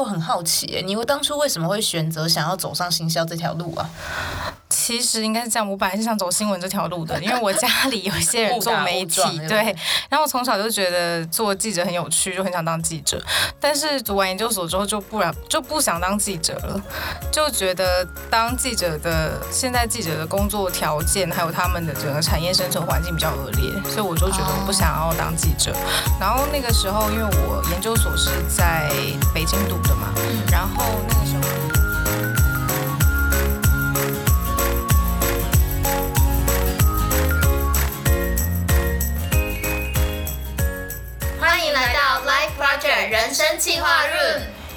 我很好奇，你當初為什麼會選擇想要走上行銷這條路啊？其實應該是這樣，我本來是想走新聞這條路的，因為我家裡有一些人做媒體，對。然後我從小就覺得做記者很有趣，就很想當記者。但是讀完研究所之後就不然就不想當記者了，就覺得當記者的現在記者的工作條件還有他們的整個產業生存環境比較惡劣，所以我就覺得我不想要當記者。然後那個時候，因為我研究所是在北京讀的嘛，然後那個時候。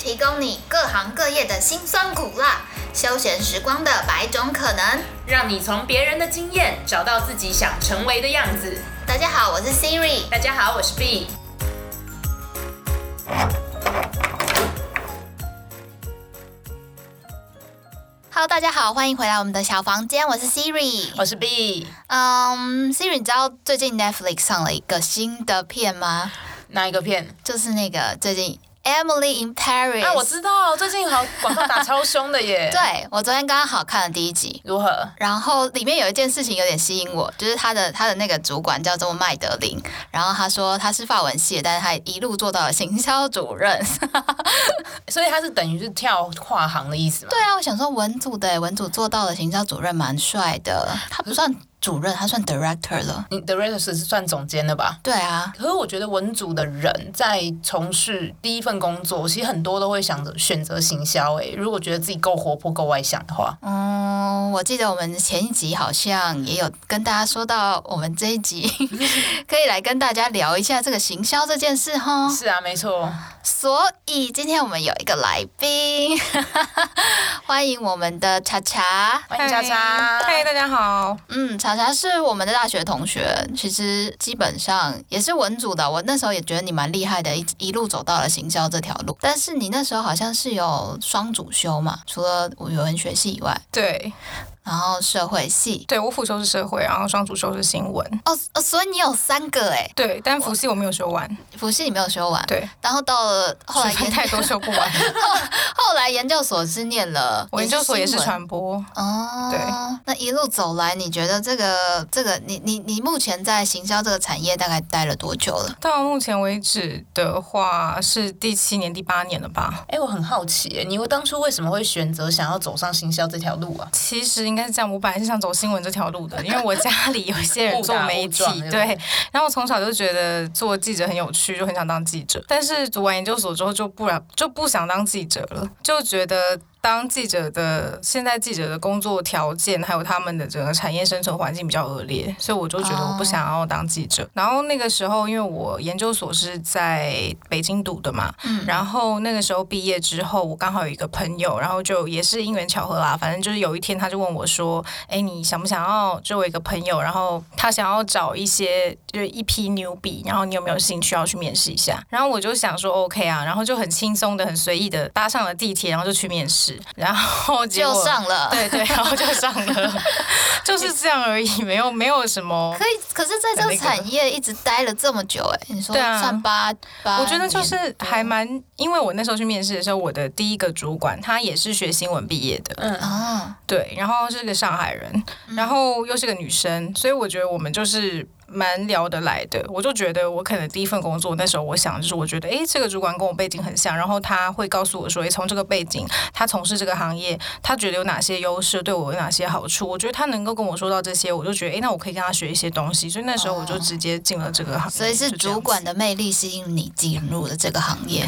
提供你各行各業的辛酸苦辣，休閒時光的百種可能，讓你從別人的經驗找到自己想成為的樣子。大家好，我是 Siri。大家好，我是 Bee。Hello，大家好，歡迎回來我們的小房間。我是 Siri，我是 Bee。嗯，um，Siri，你知道最近 Netflix 上了一個新的片嗎？哪一個片？就是那個最近。Emily in Paris，哎、啊，我知道，最近好廣告打超兇的耶。 對，我昨天剛剛好看了第一集，如何？然後裡面有一件事情有點吸引我，就是他的他的那個主管叫做麥德林，然後他說他是法文系的，但是他一路做到了行銷主任， 所以他是等於是跳跨行的意思嘛？對啊，我想說文組的文組做到了行銷主任，蠻帥的，他不算。主任他算 director 了，你 director 是算總監的吧？對啊，可是我覺得文組的人在從事第一份工作，其實很多都會想着選擇行銷欸，欸如果覺得自己夠活潑、夠外向的話，嗯，我記得我們前一集好像也有跟大家說到，我們這一集可以來跟大家聊一下這個行銷這件事哈。 是啊，沒錯。所以今天我們有一個來賓，歡迎我們的茶茶，hey, 歡迎茶茶，嘿、hey，大家好。嗯，茶茶是我們的大學同學，其實基本上也是文組的。我那時候也覺得你蠻厲害的一，一一路走到了行銷這條路。但是你那時候好像是有雙主修嘛，除了我有文學系以外，對。然後社會系，對，我輔修是社會，然後雙主修是新聞。哦，所以你有三個哎。對，但輔系我沒有修完。輔系你沒有修完。對。然後到了後來，太多修不完 後。後來研究所是念了。我研究所也是傳播。哦。對。那一路走來，你覺得這個這個你你你目前在行銷這個產業大概待了多久了？到目前為止的話是第七年第八年了吧？哎、欸，我很好奇，你當初為什麼會選擇想要走上行銷這條路啊？其實。應該是這樣，我本來是想走新聞這條路的，因為我家裡有一些人做媒體，對。然後我從小就覺得做記者很有趣，就很想當記者。但是讀完研究所之後就不然就不想當記者了，就覺得。當記者的，現在記者的工作條件，還有他們的整個產業生存環境比較惡劣，所以我就覺得我不想要當記者。啊。然後那個時候，因為我研究所是在北京讀的嘛，嗯，然後那個時候畢業之後，我剛好有一個朋友，然後就也是因緣巧合啦，反正就是有一天他就問我說：“哎，你想不想要？”就我一個朋友，然後他想要找一些就是一批 newbie，然後你有沒有興趣要去面試一下？然後我就想說 OK 啊，然後就很輕鬆的、很隨意的搭上了地鐵，然後就去面試。然後就上了，對對， 然後就上了， 就是這樣而已，沒有沒有什麼。可以，可是在這個產業一直待了這麼久，欸，哎，你說對啊，八、八。我覺得就是還蠻，因為我那時候去面試的時候，我的第一個主管他也是學新聞畢業的，嗯對，然後是個上海人，然後又是個女生，所以我覺得我們就是。蠻聊得來的，我就覺得我可能第一份工作那時候，我想就是我覺得，誒，這個主管跟我背景很像，然後他會告訴我說，誒，從這個背景，他從事這個行業，他覺得有哪些優勢，對我有哪些好處，我覺得他能夠跟我說到這些，我就覺得，誒，那我可以跟他學一些東西，所以那時候我就直接進了這個行業。Oh, 所以是主管的魅力吸引你進入了這個行業。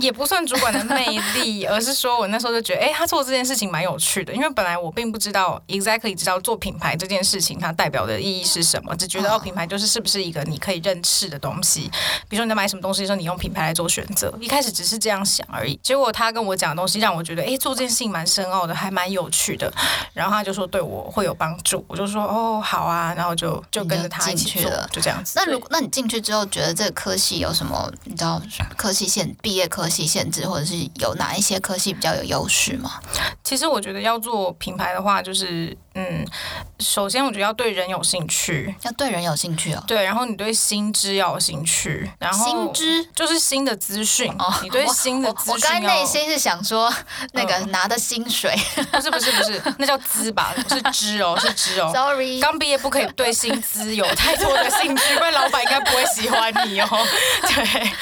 也不算主管的魅力， 而是說我那時候就覺得，哎、欸，他做這件事情蠻有趣的，因為本來我並不知道 exactly 知道做品牌這件事情它代表的意義是什麼，只覺得哦，品牌就是是不是一個你可以認識的東西，比如說你在買什麼東西的時候，就是、你用品牌來做選擇，一開始只是這樣想而已。結果他跟我講的東西讓我覺得，哎、欸，做這件事情蠻深奧的，還蠻有趣的。然後他就說對我會有幫助，我就說哦，好啊，然後就就跟着他一起做去了，就這樣子。那如果那你進去之後，覺得這個科系有什麼？你知道科系現畢業科？系限制，或者是有哪一些科系比較有優勢嗎？其實我覺得要做品牌的話，就是。嗯，首先我覺得要對人有興趣，要對人有興趣哦、喔。對，然後你對心知要有興趣，然後新知就是新的資訊、哦。你對新的資訊，我剛內心是想說那個拿的薪水，嗯、不是不是不是，那叫資吧，是資哦、喔，是資哦、喔。Sorry，剛畢業不可以對薪資有太多的興趣，因為老闆應該不會喜歡你哦、喔。對，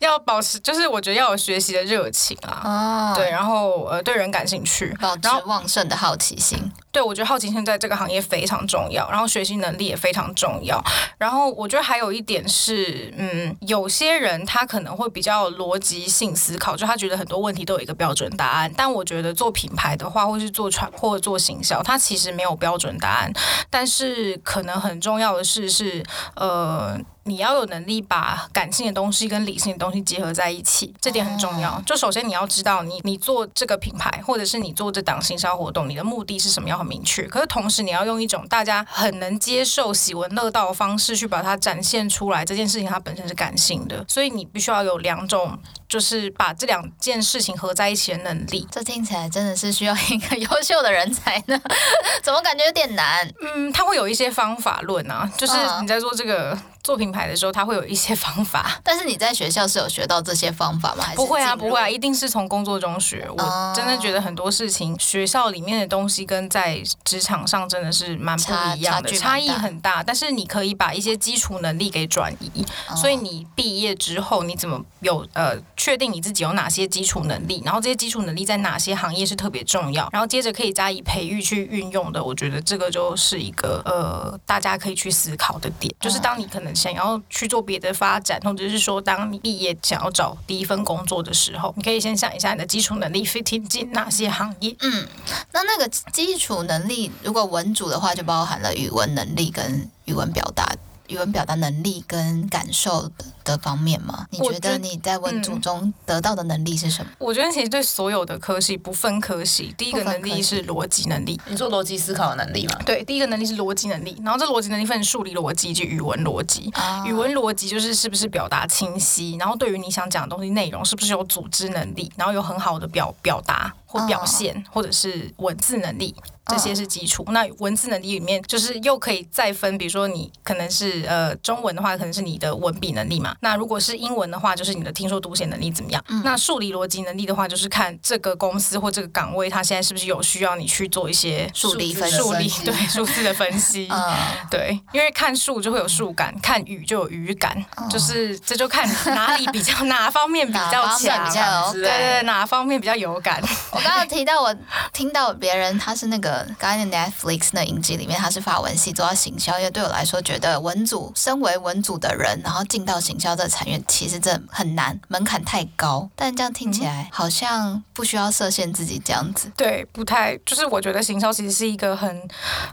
要保持就是我覺得要有學習的熱情啊。哦，對，然後呃對人感興趣，保持旺盛的好奇心。對，我覺得好奇心在這個行業非常重要，然後學習能力也非常重要。然後我覺得還有一點是，嗯，有些人他可能會比較邏輯性思考，就他覺得很多問題都有一個標準答案。但我覺得做品牌的話，或是做傳或做行銷，它其實沒有標準答案。但是可能很重要的事是，呃。你要有能力把感性的東西跟理性的東西結合在一起，這點很重要。就首先你要知道你，你你做這個品牌，或者是你做這檔行銷活動，你的目的是什麼，要很明確。可是同時，你要用一種大家很能接受、喜聞樂道的方式去把它展現出來。這件事情它本身是感性的，所以你必須要有兩種。就是把這兩件事情合在一起的能力，這聽起來真的是需要一個優秀的人才呢， 怎麼感覺有點難？嗯，他會有一些方法論啊，就是你在做這個、uh, 做品牌的時候，他會有一些方法。但是你在學校是有學到這些方法嗎？不會啊，不會啊，一定是從工作中學。Uh, 我真的覺得很多事情，學校裡面的東西跟在職場上真的是蠻不一樣的，差，差，差異很大。但是你可以把一些基礎能力給轉移，uh, 所以你畢業之後，你怎麼有呃？確定你自己有哪些基礎能力，然後這些基礎能力在哪些行業是特別重要，然後接着可以加以培育去運用的，我覺得這個就是一個呃，大家可以去思考的點。就是當你可能想要去做別的發展，或者是說當你畢業想要找第一份工作的時候，你可以先想一下你的基礎能力 fit 進哪些行業。嗯，那那個基礎能力，如果文組的話，就包含了語文能力跟語文表達。語文表達能力跟感受的方面嗎？你覺得你在文組中得到的能力是什麼？我、嗯、我覺得其實對所有的科系不分科系，第一個能力是邏輯能力。你做邏輯思考的能力嗎、嗯？對，第一個能力是邏輯能力。然後這邏輯能力分數理邏輯以及語文邏輯。啊，語文邏輯就是是不是表達清晰？然後對於你想講的東西內容，是不是有組織能力？然後有很好的表表達或表現、啊，或者是文字能力。這些是基礎。那文字能力裡面，就是又可以再分，比如說你可能是呃中文的話，可能是你的文筆能力嘛。那如果是英文的話，就是你的聽說讀寫能力怎麼樣？嗯、那數理邏輯能力的話，就是看這個公司或這個崗位，它現在是不是有需要你去做一些數理分、分析？數理，對，數 字的分析。Uh, 對，因為看數就會有數感，看語就有語感，uh, 就是這就看哪裡比較 哪方面比較強，對 對、 okay、對，哪方面比較有感。我剛剛提到，我聽到別人他是那個。剛在 Netflix 的影集裡面，他是法文系做到行銷，因為對我來說，覺得文組，身為文組的人，然後進到行銷的產業，其實這很難，門檻太高。但這樣聽起來好像不需要設限自己這樣子。嗯。對，不太，就是我覺得行銷其實是一個很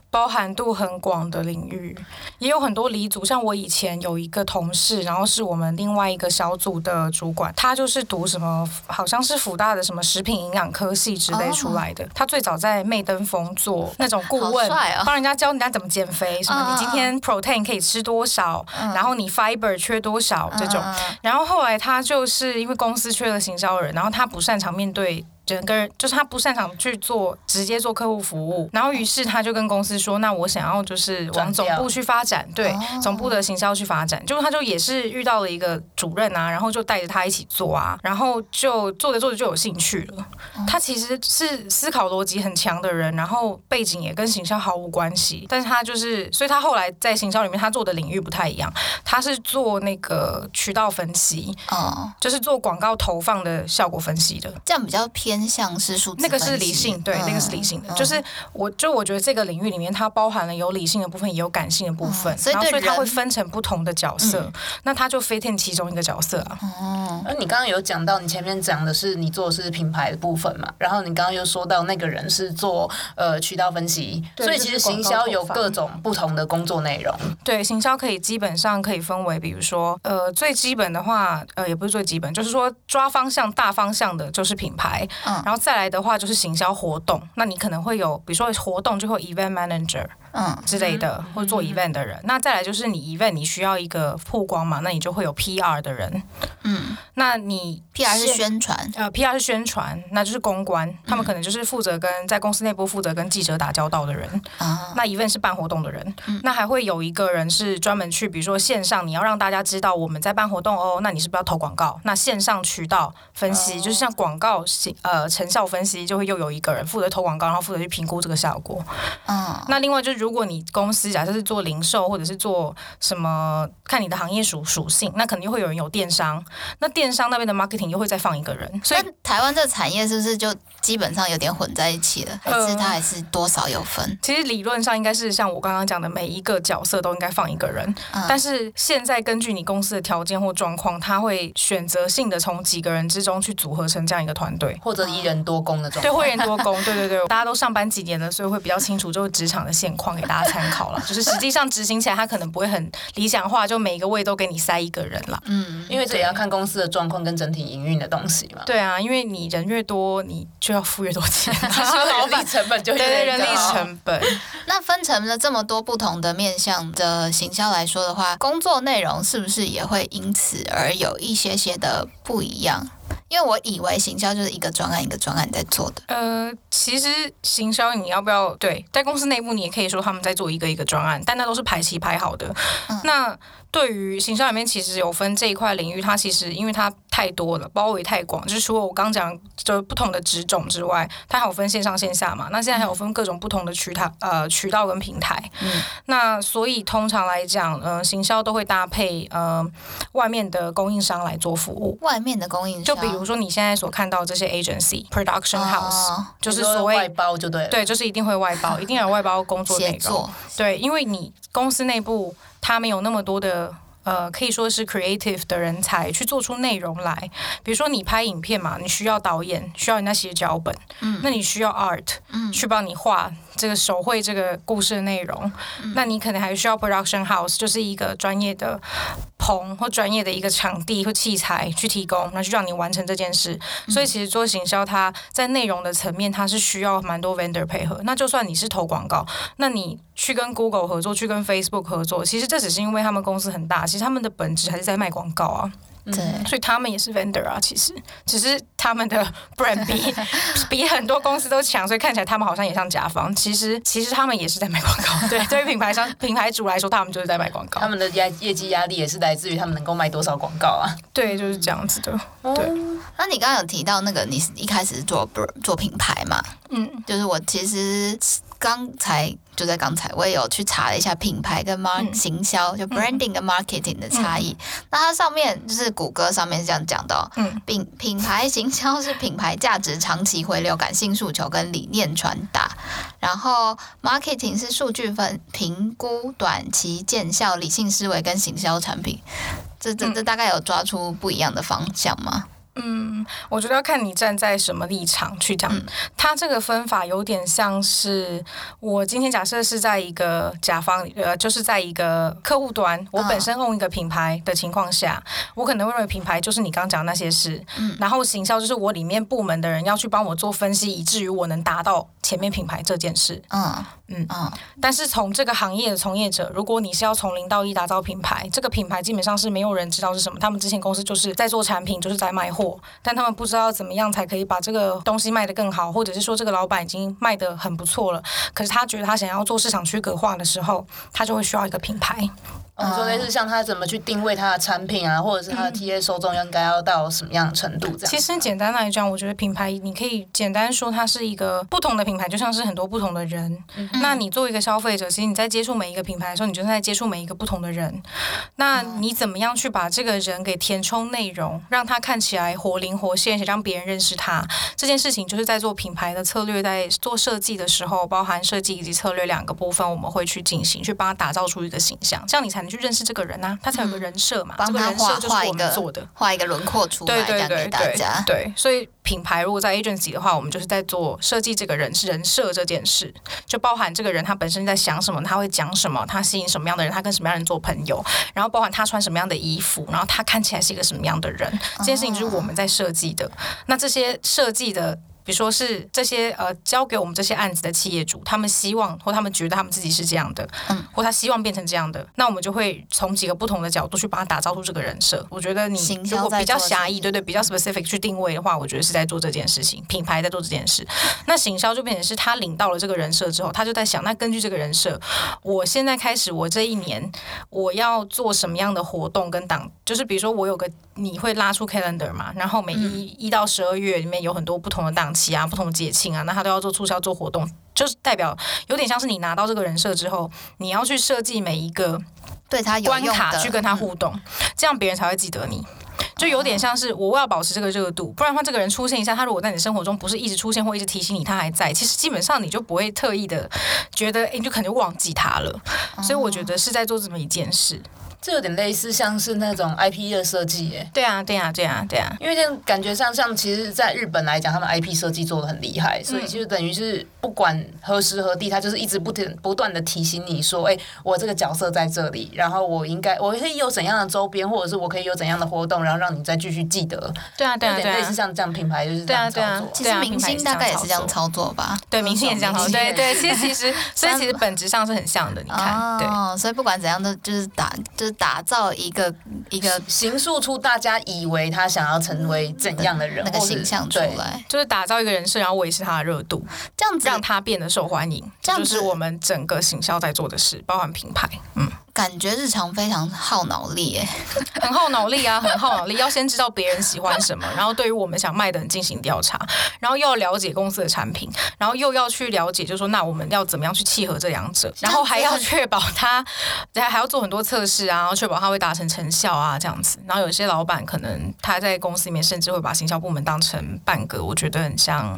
包含度很廣的領域，也有很多理組，像我以前有一個同事，然後是我們另外一個小組的主管，他就是讀什麼，好像是輔大的什麼食品營養科系之類出來的。Oh. 他最早在媚登峰。做那種顧問，幫、哦、人家教人家怎麼減肥什麼。Uh -uh. 你今天 protein 可以吃多少？Uh -uh. 然後你 fiber 缺多少這種。Uh -uh. 然後後來他就是因為公司缺了行銷人，然後他不擅長面對。整個人，就是他不擅長去做，直接做客戶服務，然後於是他就跟公司說：“那我想要就是往總部去發展，對總部的行銷去發展。啊”就他就也是遇到了一個主任啊，然後就帶着他一起做啊，然後就做着做着就有興趣了、嗯。他其實是思考邏輯很強的人，然後背景也跟行銷毫無關係，但是他就是，所以他後來在行銷裡面他做的領域不太一樣，他是做那個渠道分析，哦、嗯，就是做廣告投放的效果分析的，這樣比較偏。偏向是數字那個是理性，對，嗯、那個是理性的、嗯，就是我就我覺得這個領域裡面它包含了有理性的部分，也有感性的部分、嗯，然後所以它會分成不同的角色，嗯、那他就 fit in 其中一個角色啊。哦、嗯，那你剛剛有講到，你前面講的是你做的是品牌的部分嘛？然後你剛剛又說到那個人是做呃渠道分析，所以其實行銷有各種不同的工作內容。對，行銷可以基本上可以分為，比如說呃最基本的話，呃也不是最基本，就是說抓方向大方向的就是品牌。嗯，然後再來的話就是行銷活動，那你可能會有，比如說活動就會 event manager。嗯，之類的，嗯、或者做 event 的人、嗯，那再來就是你 event，你需要一個曝光嘛，那你就會有 PR 的人。嗯，那你 PR 是宣傳，呃，PR 是宣傳，那就是公關，嗯、他們可能就是負責跟在公司內部負責跟記者打交道的人。啊、嗯，那 event 是辦活動的人，嗯、那還會有一個人是專門去，比如說線上你要讓大家知道我們在辦活動哦，那你是不要投廣告，那線上渠道分析、嗯、就是像廣告呃成效分析，就會又有一個人負責投廣告，然後負責去評估這個效果。嗯，那另外就是。如果你公司假設是做零售或者是做什麼，看你的行業屬屬性，那肯定會有人有電商。那電商那邊的 marketing 又會再放一個人。所以台灣這個產業是不是就基本上有點混在一起了？嗯、還是它還是多少有分？其實理論上應該是像我剛剛講的，每一個角色都應該放一個人、嗯。但是現在根據你公司的條件或狀況，他會選擇性的從幾個人之中去組合成這樣一個團隊，或者一人多工的狀況、嗯。對，會人多工。 對對對，大家都上班幾年了，所以會比較清楚，就是職場的現況。給大家參考了，就是實際上執行起來，它可能不會很理想化，就每一個位都給你塞一個人了。嗯，因為這也要看公司的狀況跟整體營運的東西嘛。對啊，因為你人越多，你就要付越多錢嘛，老 板成本就會越來越高 對，對，對，人力成本。 那分成了這麼多不同的面向的行銷來說的話，工作內容是不是也會因此而有一些些的不一樣？因為我以為行銷就是一個專案一個專案在做的，呃，其實行銷你要不要，對，在公司內部你也可以說他們在做一個一個專案，但那都是排期排好的。嗯、那。對於行銷裡面，其實有分這一塊領域，它其實因為它太多了，包圍太廣，就是除了我剛講的不同的職種之外，它還有分線上線下嘛。那現在還有分各種不同的渠道，呃，渠道跟平台。嗯。那所以通常來講，嗯、呃，行銷都會搭配嗯、呃，外面的供應商來做服務。外面的供應商，就比如說你現在所看到這些 agency、production house，哦，就是所謂外包就對對，就是一定會外包， 一定要外包工作內容。對，因為你公司內部。他沒有那麼多的，呃，可以說是 creative 的人才去做出內容來。比如說你拍影片嘛，你需要導演，需要你那些腳本，嗯，那你需要 art，嗯，去幫你畫這個手繪這個故事的內容，嗯，那你可能還需要 production house，就是一個專業的。棚或專業的一個場地或器材去提供，那就讓你完成這件事。嗯。所以其實做行銷，它在內容的層面，它是需要蠻多 vendor 配合。那就算你是投廣告，那你去跟 Google 合作，去跟 Facebook 合作，其實這只是因為他們公司很大，其實他們的本質還是在賣廣告啊。對、嗯，所以他們也是 vendor 啊，其實只是他們的 brand 比比很多公司都強，所以看起來他們好像也像甲方，其實其實他們也是在賣廣告。對，對於品牌商、品牌主來說，他們就是在賣廣告。他們的業業績壓力也是來自於他們能夠賣多少廣告啊。對，就是這樣子的。對，嗯、那你剛剛有提到那個，你一開始做不做品牌嘛？嗯，就是我其實剛才。就在剛才，我也有去查了一下品牌跟 mark 行銷、嗯，就 branding 跟 marketing、嗯、的差異、嗯。那它上面就是谷歌上面是這樣講的哦，品、嗯、品牌行銷是品牌價值長期回流、感性訴求跟理念傳達，然後 marketing 是數據分評估、短期見效、理性思維跟行銷產品。這這這大概有抓出不一樣的方向嗎？嗯，我覺得要看你站在什麼立場去講。嗯、他這個分法有點像是我今天假設是在一個甲方，呃，就是在一個客戶端，我本身用一個品牌的情況下、嗯，我可能會認為品牌就是你剛講的那些事、嗯，然後行銷就是我裡面部門的人要去幫我做分析，以至於我能達到前面品牌這件事。嗯嗯嗯。但是從這個行業的從業者，如果你是要從零到一打造品牌，這個品牌基本上是沒有人知道是什麼。他們之前公司就是在做產品，就是在賣貨。但他們不知道怎麼樣才可以把這個東西賣得更好，或者是說這個老板已經賣得很不錯了，可是他覺得他想要做市場區隔化的時候，他就會需要一個品牌。說、哦、類似像他怎麼去定位他的產品啊，或者是他的 T A 受眾應該要到什麼樣的程度這樣、啊嗯。其實簡單來講，我覺得品牌你可以簡單說，它是一個不同的品牌，就像是很多不同的人。嗯、那你作為一個消費者，其實你在接觸每一個品牌的時候，你就是在接觸每一個不同的人。那你怎麼樣去把這個人給填充內容，讓他看起來活靈活現，且讓別人認識他？這件事情就是在做品牌的策略，在做設計的時候，包含設計以及策略兩個部分，我們會去進行，去幫他打造出一個形象，這樣你才。你去認識這個人呢、啊？他才有個人設嘛、嗯？這個人設就是我們做的，畫一個輪廓出來，給大家，對對對對，對，對，所以品牌如果在 agency 的話，我們就是在做設計這個人設這件事，就包含這個人他本身在想什麼，他會講什麼，他吸引什麼樣的人，他跟什麼樣的人做朋友，然後包含他穿什麼樣的衣服，然後他看起來是一個什麼樣的人，這件事情就是我們在設計的、哦。那這些設計的。比如說是這些呃交給我們這些案子的企業主，他們希望或他們覺得他們自己是這樣的，嗯，或他希望變成這樣的，那我們就會從幾個不同的角度去幫他打造出這個人設。我覺得你，你如果比較狹義，對，對對，比較 specific 去定位的話，嗯，我覺得是在做這件事情，品牌在做這件事。那行銷就變成是他領到了這個人設之後，他就在想，那根據這個人設，我現在開始，我這一年我要做什麼樣的活動跟檔，就是比如說，我有個，你會拉出 calendar 嘛？然後每一一、嗯、到十二月裡面有很多不同的檔。期啊，不同節慶啊，那他都要做促銷、做活動，就是代表有點像是你拿到這個人設之後，你要去設計每一個對他關卡，去跟他互動對他有用的、嗯，這樣別人才會記得你。就有點像是我要保持這個熱度，不然的話，這個人出現一下，他如果在你生活中不是一直出現或一直提醒你他還在，其實基本上你就不會特意的覺得，欸、你就可能就忘記他了。所以我覺得是在做這麼一件事。這有點類似，像是那種 IP 的設計，耶。對啊，對啊，對啊，對啊，因為這樣感覺上像像，其實，在日本來講，他們 IP 設計做的很厲害，嗯、所以就等於是不管何時何地，他就是一直不停不斷的提醒你說，哎、欸，我這個角色在這裡，然後我應該我可以有怎樣的周邊，或者是我可以有怎樣的活動，然後讓你再繼續記得。對啊，對啊，對啊有點類似像這樣品牌就是這樣操作對啊，對啊，其實明星大概也是這樣操作吧、啊，對，明星也是這樣操作，對對。其實其實，所以其實, 所以其實本質上是很像的， 你看，對、嗯哦，所以不管怎樣的，就是打就打。打造一個一個，形塑出大家以為他想要成為怎樣的人，嗯、那個形象出來，就是打造一個人設，然後維持他的熱度，這樣子讓他變得受歡迎。這樣、就是、我們整個行銷在做的事，包含品牌，嗯。感覺日常非常耗腦力，哎，很耗腦力啊，很耗腦力。 要先知道別人喜歡什麼，然後對於我們想賣的進行調查，然後又要了解公司的產品，然後又要去了解，就是說那我們要怎麼樣去契合這兩者，然後還要確保他，還還要做很多測試啊，然後確保他會達成成效啊，這樣子。然後有些老闆可能他在公司裡面甚至會把行銷部門當成半個，我覺得很像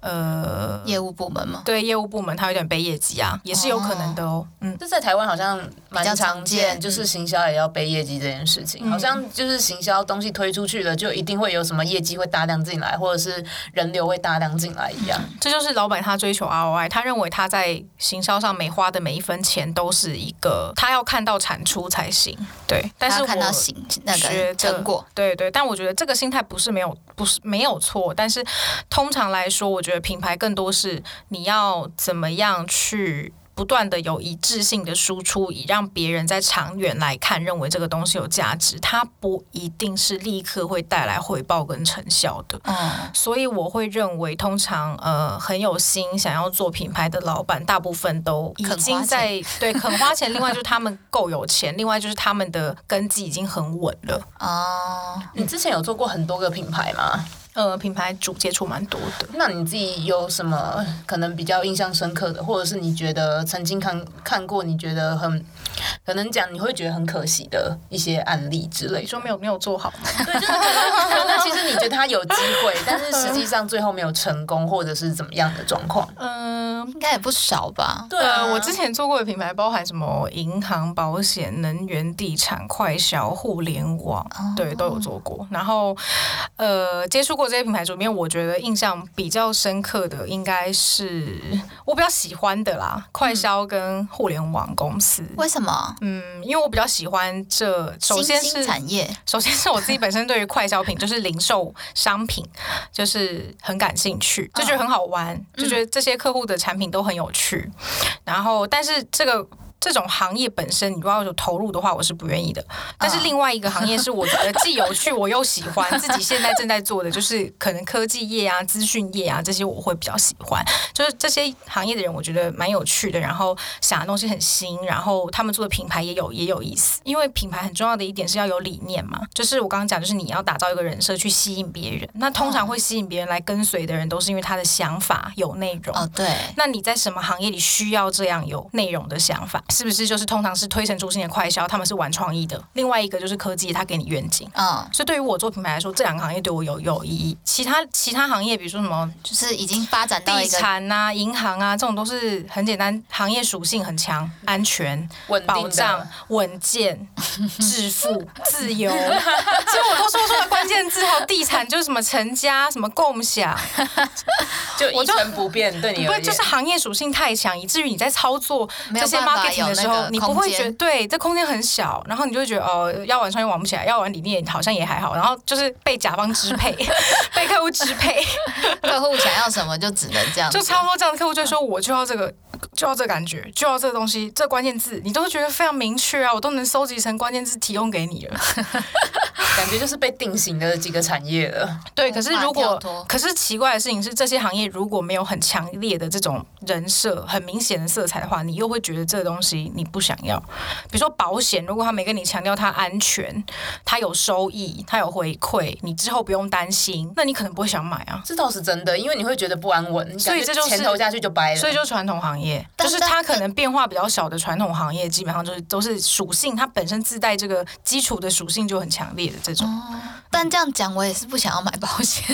呃業務部門嘛，對業務部門，他有點背業績啊，也是有可能的，喔，哦。嗯，這在台灣好像蠻常見就是行銷也要背業績這件事情，嗯、好像就是行銷東西推出去了，就一定會有什麼業績會大量進來，或者是人流會大量進來一樣、嗯。這就是老板他追求 ROI，他認為他在行銷上每花的每一分錢都是一個他要看到產出才行。對，但是我他要看到行那個成果，對對。但我覺得這個心態不是沒有不是沒有錯，但是通常來說，我覺得品牌更多是你要怎麼樣去。不斷的有一致性的輸出，以讓別人在長遠來看認為這個東西有價值。它不一定是立刻會帶來回報跟成效的。嗯，所以我會認為，通常呃很有心想要做品牌的老闆，大部分都已經在對，肯花錢。肯花錢，另外就是他們夠有錢， 另外就是他們的根基已經很穩了。哦、嗯，你之前有做過很多個品牌嗎？呃，品牌主接觸蠻多的。那你自己有什麼可能比較印象深刻的，或者是你覺得曾經看看過你覺得很。可能講你會覺得很可惜的一些案例之類，說沒有沒有做好。那 其實你覺得他有機會，但是實際上最後沒有成功，或者是怎麼樣的狀況？嗯、呃，應該也不少吧。對、啊呃，我之前做過的品牌包含什麼銀行、保險、能源、地產、快消、互聯網、哦，對，都有做過。然後，呃，接觸過這些品牌裡面，我覺得印象比較深刻的，應該是我比較喜歡的啦，嗯、快消跟互聯網公司。為什麼？嗯，因為我比較喜歡這，首先是產業，首先是我自己本身對於快消品， 就是零售商品，就是很感興趣，就覺得很好玩，哦、就覺得這些客戶的產品都很有趣，嗯、然後但是這個。這種行業本身，你如果要有投入的話，我是不願意的。Uh. 但是另外一個行業是我覺得既有趣我又喜歡 自己現在正在做的，就是可能科技業啊、資訊業啊這些，我會比較喜歡。就是這些行業的人，我覺得蠻有趣的。然後想的東西很新，然後他們做的品牌也有也有意思。因為品牌很重要的一點是要有理念嘛，就是我剛剛講，就是你要打造一個人設去吸引別人。那通常會吸引別人來跟隨的人，都是因為他的想法有內容。哦、uh. Oh, 對。那你在什麼行業裡需要這樣有內容的想法？是不是就是通常是推陳出新的快銷，他們是玩創意的；另外一個就是科技，他給你願景。啊、oh.，所以對於我做品牌來說，這兩個行業對我有有意義。其他其他行業，比如說什麼，就是已經發展到地產啊、銀行啊，這種都是很簡單，行業屬性很強，安全、穩定保障、穩健、致富、 自由。其 實我都說出了關鍵字號，然後地產就是什麼成家、什麼共享， 就一成不變。對，你不就是行業屬性太強，以至於你在操作這些 marketing。有的時候，你不會覺得對，這空間很小，然後你就覺得哦、呃，要玩商業玩不起來，要玩理念好像也還好，然後就是被甲方支配， 被客戶戶支配 客戶想要什麼就只能這樣，就差不多這樣。客戶就會說，我就要這個。就要這感覺，就要這東西，這關鍵字，你都覺得非常明確啊，我都能收集成關鍵字提供給你了。 感覺就是被定型的幾個產業了。對，可是如果，可是奇怪的事情是，這些行業如果沒有很強烈的這種人設、很明顯的色彩的話，你又會覺得這個東西你不想要。比如說保險，如果他沒跟你強調它安全、它有收益、它有回饋，你之後不用擔心，那你可能不會想買啊。這倒是真的，因為你會覺得不安穩，所以這就錢投下去就掰了。所以這就是，所以就傳統行業。對，就是它可能變化比較小的傳統行業，基本上就是都是屬性，它本身自帶這個基礎的屬性就很強烈的這種、嗯。但這樣講，我也是不想要買保險。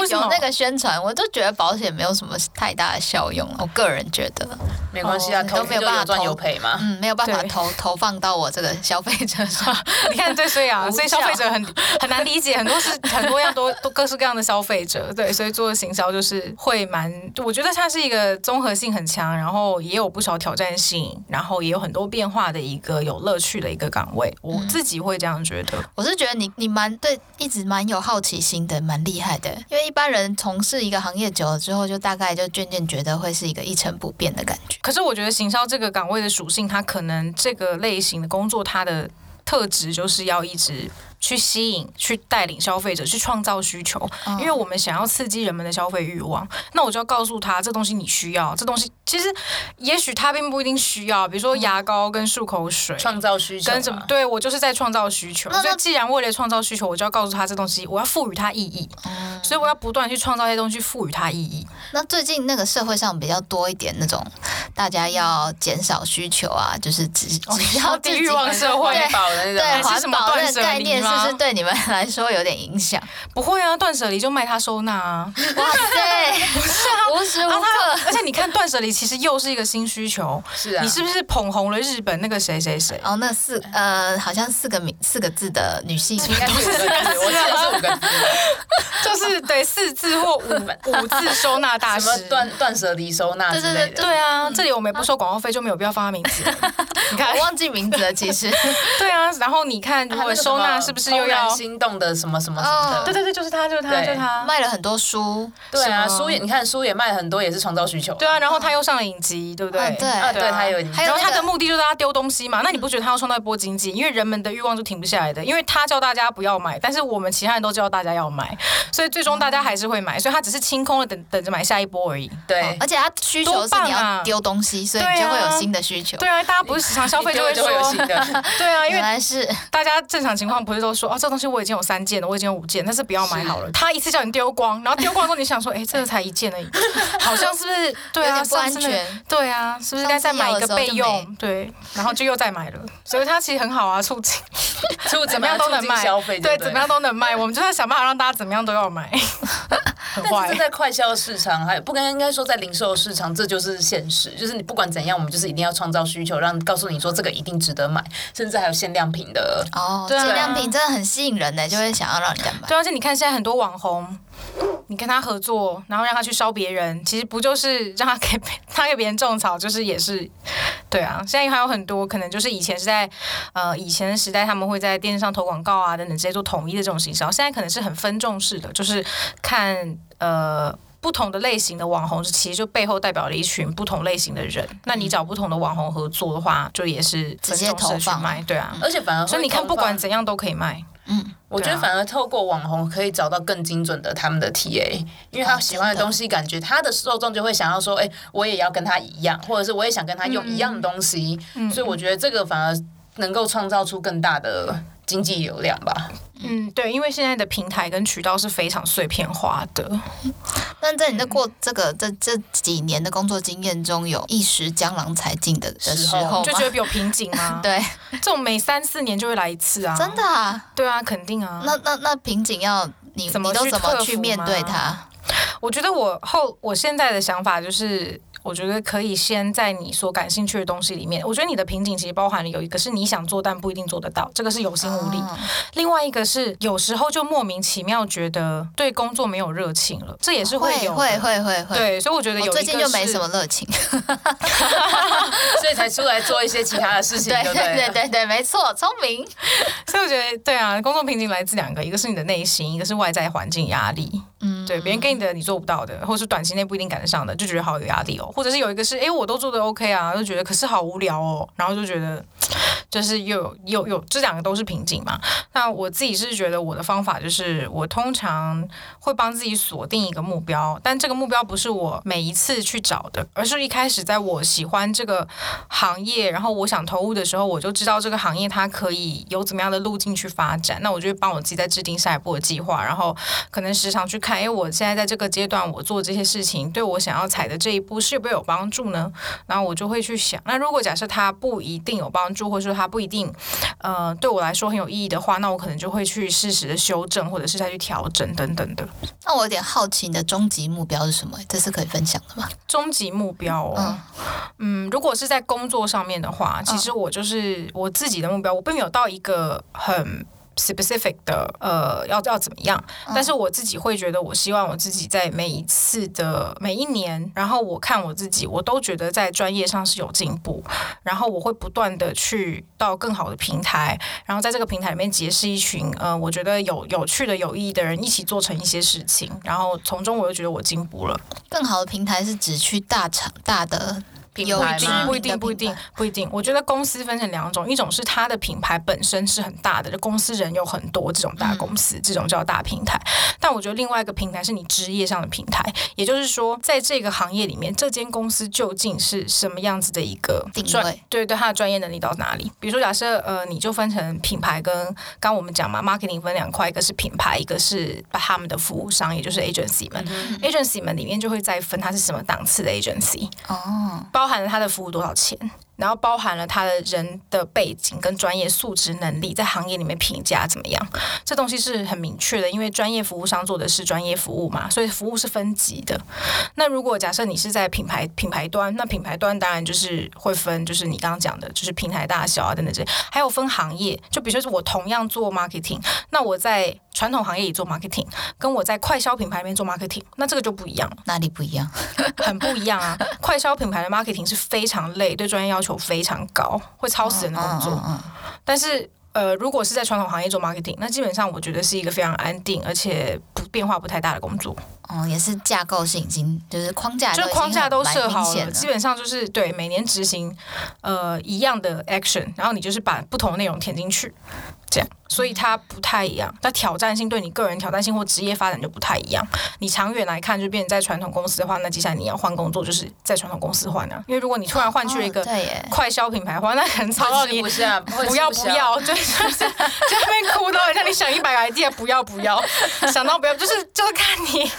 為什麼？ 那個宣傳，我都覺得保險沒有什麼太大的效用。我個人覺得沒關係啊，都、哦、沒有辦法賺有賠嘛。嗯，沒有辦法投投放到我這個消費者上、啊。你看，所以啊，所以消費者很很難理解， 很多是很多樣多各式各樣的消費者。對，所以做的行銷就是會蠻，我覺得它是一個綜合性很強。然後也有不少挑戰性，然後也有很多變化的一個有樂趣的一個崗位，我自己會這樣覺得。嗯，我是覺得你你蠻對，一直蠻有好奇心的，蠻厲害的。因為一般人從事一個行業久了之後，就大概就漸漸覺得會是一個一成不變的感覺。可是我覺得行銷這個崗位的屬性，它可能這個類型的工作，它的特質就是要一直。去吸引，去帶領消費者，去創造需求，因為我們想要刺激人們的消費慾望，嗯。那我就要告訴他，這東西你需要。這東西其實也許他並不一定需要，比如說牙膏跟漱口水跟什麼，創、嗯、造需求，啊。對，我就是在創造需求。那，那所以既然為了創造需求，我就要告訴他這東西，我要賦予它意義，嗯。所以我要不斷去創造一些東西，賦予它意義。那最近那個社會上比較多一點那種。大家要減少需求啊，就是只、只要低欲望社會環保的那種，對環保的什麼概念是不是對你們來說有點影響？不會啊，斷捨離就賣它收納啊。哇塞，不 是啊，它，而且你看斷捨離其實又是一個新需求。是啊。你是不是捧紅了日本那個誰誰誰？哦，那四呃，好像四個名四個字的女性。應該是四個個字，是啊、我是五個字。我、啊、就是對四字或五 五字收納大師，斷斷捨離收納之類的對啊。嗯我們不收廣告費，就沒有必要發他名字。你看， 忘記名字了，其實。 對啊，然後你看，如果收納是不是又要，啊那個、心動的什麼什麼什麼？哦、對對對，就是他，就是他，就是他賣了很多書。對啊，書也你看，書也賣了很多，也是創造需求。對啊，然後他又上了影集，對不對？啊、對對、啊、對，他有影集。然後他的目的就是他丟東西嘛。那你不覺得他要創造一波經濟？因為人們的欲望就停不下來的。因為他叫大家不要買，但是我們其他人都叫大家要買，所以最終大家還是會買。所以他只是清空了，等等着買下一波而已。對，而且他需求是你要丟東。東西，所以就會有新的需求。對啊，對啊，大家不是時常消費就會說對，就會有新的，對啊，因為是大家正常情況不是都說啊、哦，這個、東西我已經有三件了，我已經有五件，但是不要買好了。他一次叫你丟光，然後丟光之後你想說，哎、欸，這個才一件而已。 好像是不是？對啊，不安全是。對啊，是不是應該再買一個備用？對，然後就又再買了。所以它其實很好啊，促進，促 進怎麼樣都能賣，對，怎麼樣都能賣。我們就是想辦法讓大家怎麼樣都要買。 但是這在快消市場還，還有不該應該說在零售市場，這就是現實。就是你不管怎樣，我們就是一定要創造需求，讓告訴你說這個一定值得買，甚至還有限量品的哦。Oh, 對啊，限量品真的很吸引人呢，就會想要讓人家買。 對啊，而且你看現在很多網紅。你跟他合作，然後讓他去燒別人，其實不就是讓他給他給別人種草，就是也是，對啊。現在還有很多可能，就是以前是在呃以前的時代，他們會在電視上投廣告啊等等，這些做統一的這種形式。然後現在可能是很分眾式的，就是看呃不同的類型的網紅，其實就背後代表了一群不同類型的人。嗯、那你找不同的網紅合作的話，就也是去直接投賣，對啊。而且反正所以你看，不管怎樣都可以賣。嗯， 我覺得反而透過網紅可以找到更精準的他們的 TA，因為他喜歡的東西，感覺他的受眾就會想要說，哎、欸，我也要跟他一樣，或者是我也想跟他用一樣的東西， 所以我覺得這個反而能夠創造出更大的。經濟流量吧，嗯，對，因為現在的平台跟渠道是非常碎片化的。但、嗯、在你在過這個這這幾年的工作經驗中，有一時江郎才盡的、的時候，就覺得比較瓶頸嗎、啊？ 對，這種每三四年就會來一次啊，真的啊，對啊，肯定啊。那那那瓶頸要你怎麼你都怎麼去面對它？我覺得我後我現在的想法就是。我覺得可以先在你所感興趣的東西裡面。我覺得你的瓶頸其實包含了有一個是你想做但不一定做得到，這個是有心無力；另外一個是有時候就莫名其妙覺得對工作沒有熱情了，這也是會有會會會會。對，所以我覺得有最近就沒什麼熱情，所以才出來做一些其他的事情，對對對對對，沒錯，聰明。所以我覺得對啊，工作瓶頸來自兩個，一個是你的內心，一個是外在環境壓力。對別人給你的你做不到的，或者是短期內不一定趕得上的，就覺得好有壓力哦。或者是有一個是哎，我都做得 OK 啊，就覺得可是好無聊哦。然後就覺得就是有有有這兩個都是瓶頸嘛。那我自己是覺得我的方法就是我通常會幫自己鎖定一個目標，但這個目標不是我每一次去找的，而是一開始在我喜歡這個行業，然後我想投入的時候，我就知道這個行業它可以有怎麼樣的路徑去發展。那我就會幫我自己再制定下一步的計劃，然後可能時常去看。還、欸、有，我現在在這個階段，我做這些事情對我想要踩的這一步是不是有幫助呢？然後我就會去想，那如果假設它不一定有幫助，或者說它不一定，呃，對我來說很有意義的話，那我可能就會去適時的修正，或者是再去調整等等的。那我有點好奇，你的終極目標是什麼？這是可以分享的嗎？終極目標、哦嗯，嗯，如果是在工作上面的話，其實我就是我自己的目標，我並沒有到一個很。Specific 的，呃，要要怎麼樣？但是我自己會覺得，我希望我自己在每一次的每一年，然後我看我自己，我都覺得在專業上是有進步。然後我會不斷的去到更好的平台，然後在這個平台裡面結識一群，呃，我覺得有有趣的、有意義的人，一起做成一些事情。然後從中我又覺得我進步了。更好的平台是指去大廠、大的。不一定，不一定，不一定，不一定。我覺得公司分成兩種，一種是它的品牌本身是很大的，就公司人有很多這種大公司，嗯、這種叫大平台。但我覺得另外一個平台是你職業上的平台，也就是說，在這個行業裡面，這間公司究竟是什麼樣子的一個定位，對對，他的專業能力到哪裡？比如說假，假設呃，你就分成品牌跟剛我們講嘛，marketing 分兩塊，一個是品牌，一個是把他們的服務商，也就是 agency 們。嗯嗯 agency 們裡面就會再分它是什麼檔次的 agency 哦，包。包含他的服務多少錢？然後包含了他的人的背景跟專業素質能力，在行業裡面評價怎麼樣？這東西是很明確的，因為專業服務商做的是專業服務嘛，所以服務是分級的。那如果假設你是在品牌品牌端，那品牌端當然就是會分，就是你剛剛講的，就是平台大小啊，等等這些，還有分行業。就比如說是我同樣做 marketing，那我在傳統行業裡做 marketing，跟我在快消品牌裡面做 marketing，那這個就不一樣了。哪裡不一樣？很不一樣啊！快消品牌的 marketing 是非常累，對專業要求。求非常高，會超死人的工作。嗯嗯嗯、但是，呃，如果是在傳統行業做 marketing，那基本上我覺得是一個非常安定，而且不變化不太大的工作。哦、嗯，也是架構是已經就是框架，就是、框架都設好了，基本上就是對每年執行呃一樣的 action，然後你就是把不同內容填進去，這樣，所以它不太一樣。那挑戰性對你個人挑戰性或職業發展就不太一樣。你長遠來看，就變成在傳統公司的話，那接下來你要換工作，就是在傳統公司換啊。因為如果你突然換去了一個快銷品牌的話，那很超到你不要不要， 就是在在那邊哭鬧，叫你想一百個 idea，不要不要， 想到不要，就是就是看你。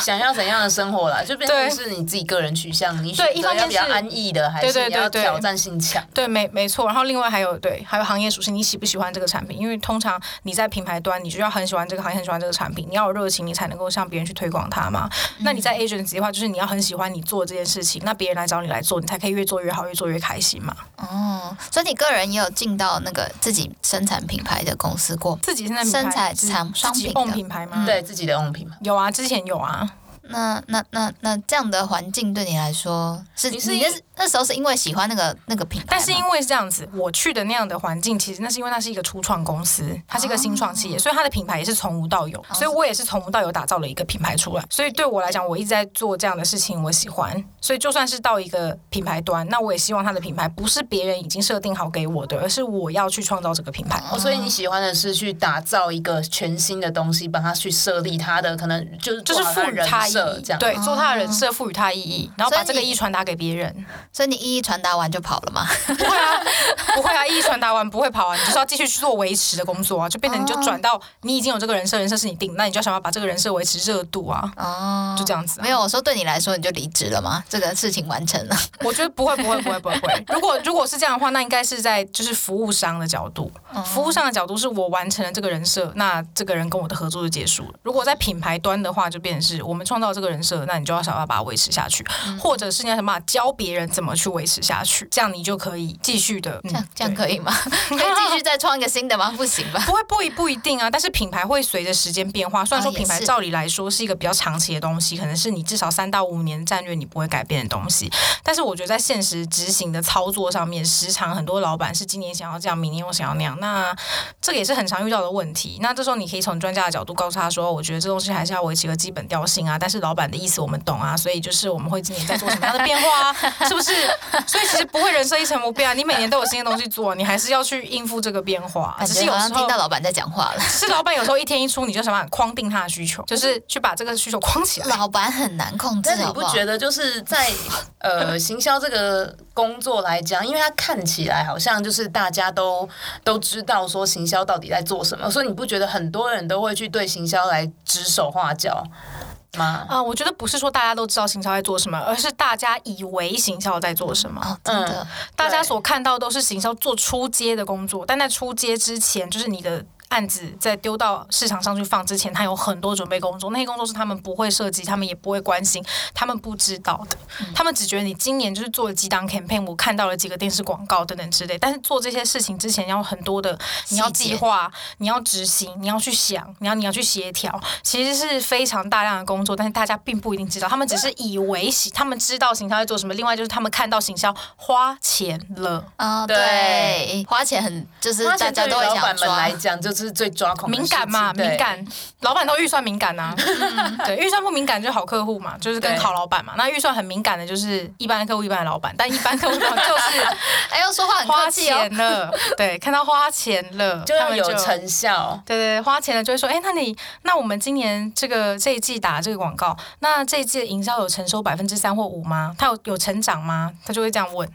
想要怎樣的生活啦，就變成是你自己個人取向。你對，一個比較安逸的，對對對對對，還是比較挑戰性強？對，沒沒錯。然後另外還有，對，還有行業屬性。你喜不喜歡這個產品？因為通常你在品牌端，你就要很喜歡這個行業，很喜歡這個產品，你要有熱情，你才能夠向別人去推廣它嘛。嗯。那你在 agency 的話，就是你要很喜歡你做這件事情，那別人來找你來做，你才可以越做越好，越做越開心嘛。哦，所以你個人也有進到那個自己生產品牌的公司過，自己生產生產商品，自己自己品牌嗎？嗯、對，自己的 OM 品牌有啊。之前有啊那，那那那那這樣的環境對你來說是你是你是。那時候是因為喜歡那個那個品牌，但是因為這樣子，我去的那樣的環境，其實那是因為那是一個初創公司，uh -huh. 它是一個新創企業，所以它的品牌也是從無到有，uh -huh. 所以我也是從無到有打造了一個品牌出來。Uh -huh. 所以對我來講，我一直在做這樣的事情，我喜歡。所以就算是到一個品牌端，那我也希望它的品牌不是別人已經設定好給我的，而是我要去創造這個品牌。Uh -huh. Uh -huh. 所以你喜歡的是去打造一個全新的東西，幫他去設立他的可能就是就是賦予他人設，uh -huh. 這樣 uh -huh. 對，做他的人設，賦予他意義，然後把這個意傳達給別人。Uh -huh. 所以你一一傳達完就跑了嗎？ 不會啊，不會啊，一一傳達完不會跑啊，你就是要繼續去做維持的工作啊，就變成你就轉到你已經有這個人設，人設是你定，那你就要想辦法把這個人設維持熱度啊，哦，就這樣子，啊。沒有，我說對你來說你就離職了嗎？這個事情完成了？我覺得不會，不會，不會，不會。如果如果是這樣的話，那應該是在就是服務商的角度，嗯，服務商的角度是我完成了這個人設，那這個人跟我的合作就結束了。如果在品牌端的話，就變成是我們創造了這個人設，那你就要想辦法把它維持下去，嗯，或者是你要想辦法，教別人怎。怎麼去維持下去？這樣你就可以繼續的，嗯、這樣這樣可以嗎？可以繼續再創一個新的嗎？不行吧？ 不會，不一不一定啊。但是品牌會隨着時間變化。雖然說品牌照理來說是一個比較長期的東西，啊、可能是你至少三到五年戰略，你不會改變的東西。但是我覺得在現實執行的操作上面，時常很多老闆是今年想要這樣，明年我想要那樣。那這個也是很常遇到的問題。那這時候你可以從專家的角度告訴他說：“我覺得這東西還是要維持一個基本調性啊。但是老闆的意思我們懂啊，所以就是我們會今年在做什麼樣的變化啊？” 是不？是， 所以其實不會人生一成不變，你每年都有新的東西做，你還是要去應付這個變化。只是有時候聽到老板在講話了。是老板有時候一天一出，你就想辦法框定他的需求，就是去把這個需求框起來。老板很難控制。但你不覺得就是在呃行銷這個工作來講，因為他看起來好像就是大家都都知道說行銷到底在做什麼，所以你不覺得很多人都會去對行銷來指手畫腳？啊、呃，我覺得不是說大家都知道行銷在做什麼，而是大家以為行銷在做什麼。嗯，、哦嗯，大家所看到都是行銷做初階的工作，但在初階之前，就是你的。案子在丟到市場上去放之前，他有很多準備工作，那些工作是他們不會涉及，他們也不會關心，他們不知道的、嗯。他們只覺得你今年就是做了幾檔 campaign，我看到了幾個電視廣告等等之類。但是做這些事情之前，要很多的，你要計劃，你要執行，你要去想，你要你要去協調，其實是非常大量的工作。但是大家並不一定知道，他們只是以為他們知道行銷在做什麼。另外就是他們看到行銷花錢了，哦、對，對，花錢很就是大家對老闆們來講就。 是最抓狂敏感嘛？敏感，老板都預算敏感吶、啊。 對，預算不敏感就是好客戶嘛，就是跟好老板嘛。那預算很敏感的就是一般的客戶，一般的老板。但一般的客戶就是， 哎，要說話很花錢了。對，看到花錢了，就要有成效。對對花錢了就會說，哎，那你那我們今年這個這一季打這個廣告，那這一季的營銷有承收百分之三或五嗎？他有有成長嗎？他就會這樣問。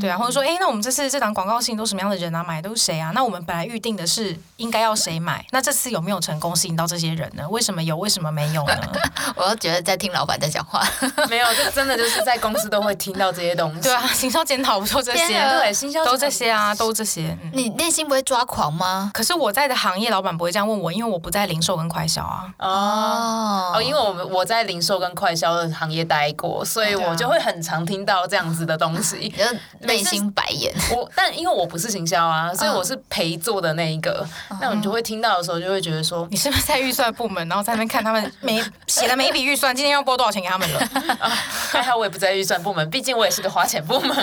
對啊，或者說，哎，那我們這次這檔廣告吸引都什麼樣的人啊？買都是誰啊？那我們本來預定的是。應該要誰買？那這次有沒有成功吸引到這些人呢？為什麼有？為什麼沒有呢？ 我覺得在聽老板在講話。 沒有，這真的就是在公司都會聽到這些東西。 對啊，行銷檢討不就這些？對，行銷都這些啊，都這些。你內心不會抓狂嗎？嗯？可是我在的行業，老板不會這樣問我，因為我不在零售跟快銷啊。哦、oh. oh，因為我們我在零售跟快銷的行業待過，所以我就會很常聽到這樣子的東西。內、oh, yeah. 心白眼。我，但因為我不是行銷啊，所以我是陪做的那一個。那我們就會聽到的時候，就會覺得說，嗯、你是不是在預算部門？然後在那邊看他們每寫的每一筆預算， 今天要撥多少錢給他們了？ 啊、還好我也不在預算部門，畢竟我也是個花錢部門。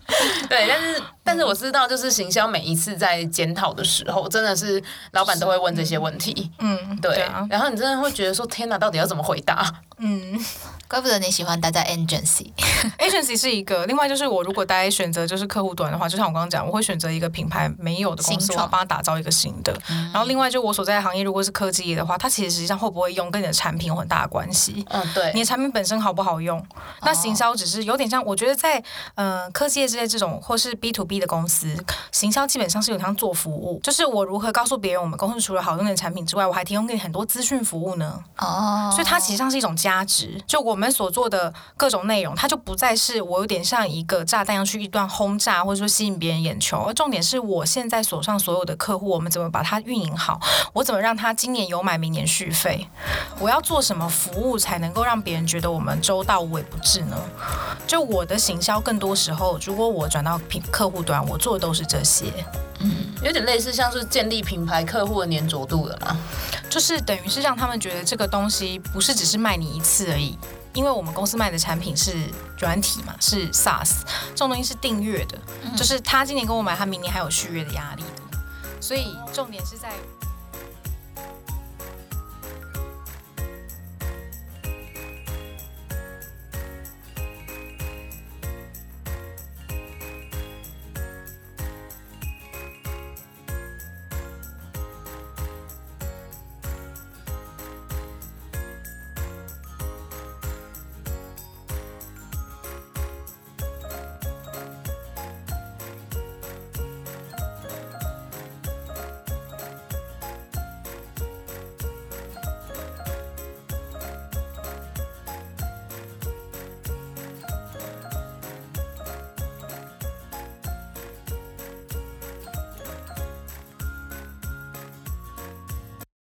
對，但是但是我知道，就是行銷每一次在檢討的時候，真的是老板都會問這些問題。嗯，對、啊。然後你真的會覺得說，天吶、啊，到底要怎麼回答？嗯。怪不得你喜歡待在 agency？agency 是一個另外就是我如果待選擇就是客戶端的話，就像我剛剛講，我會選擇一個品牌沒有的公司，我要幫他打造一個新的、嗯。然後另外就我所在的行業如果是科技業的話，它其實實際上會不會用跟你的產品有很大的關係。嗯，對，你的產品本身好不好用？哦、那行銷只是有點像，我覺得在嗯、呃、科技業之類這種或是 B to B 的公司，行銷基本上是有像做服務，就是我如何告訴別人我們公司除了好用的產品之外，我還提供給你很多資訊服務呢。哦，所以它實際上是一種價值。就我們。我們所做的各種內容，它就不再是我有點像一個炸彈要去一段轟炸，或者說吸引別人眼球。而重點是我現在手上所有的客戶，我們怎麼把它運營好？我怎麼讓他今年有買，明年續費？我要做什麼服務才能夠讓別人覺得我們周到、無微不至呢？就我的行銷，更多時候，如果我轉到品客戶端，我做的都是這些。嗯，有點類似像是建立品牌客戶的黏著度的啦，就是等於是讓他們覺得這個東西不是只是賣你一次而已。因為我們公司賣的產品是軟體嘛，是 SaaS 這種東西是訂閱的，嗯，就是他今年跟我買，他明年還有續約的壓力，所以重點是在。